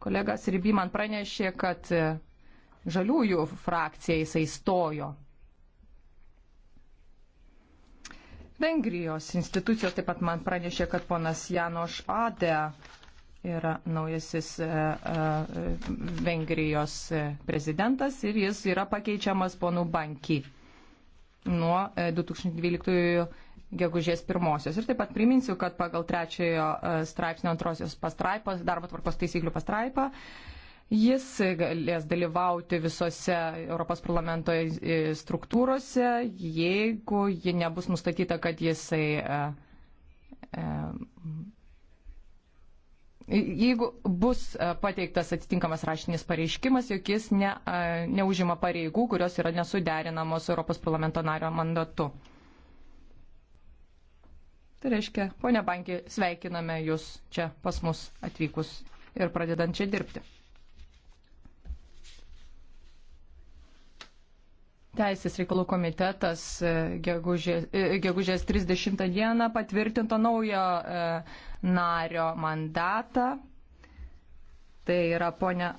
Kolegas Ryby man pranešė, kad e, žaliųjų frakcija jisai stojo. Vengrijos institucijos taip pat man pranešė, kad ponas Janoš Ade yra naujasis e, e, Vengrijos prezidentas ir jis yra pakeičiamas ponų banky nuo 2012 gegužės pirmosios. Ir taip pat priminsiu, kad pagal trečiojo e, straipsnio antrosios pastraipos, darbo tvarkos taisyklių pastraipą, jis galės dalyvauti visose Europos parlamento e, struktūrose, jeigu ji nebus nustatyta, kad jisai. E, jeigu bus pateiktas atitinkamas raštinis pareiškimas, jog jis ne, neužima pareigų, kurios yra nesuderinamos Europos parlamento nario mandatu. Tai reiškia, ponia Bankė, sveikiname Jūs čia pas mus atvykus ir pradedant čia dirbti. Teisės reikalų komitetas e, e, gegužės, gegužės 30 dieną patvirtinto naujo e, nario mandatą. Tai yra ponia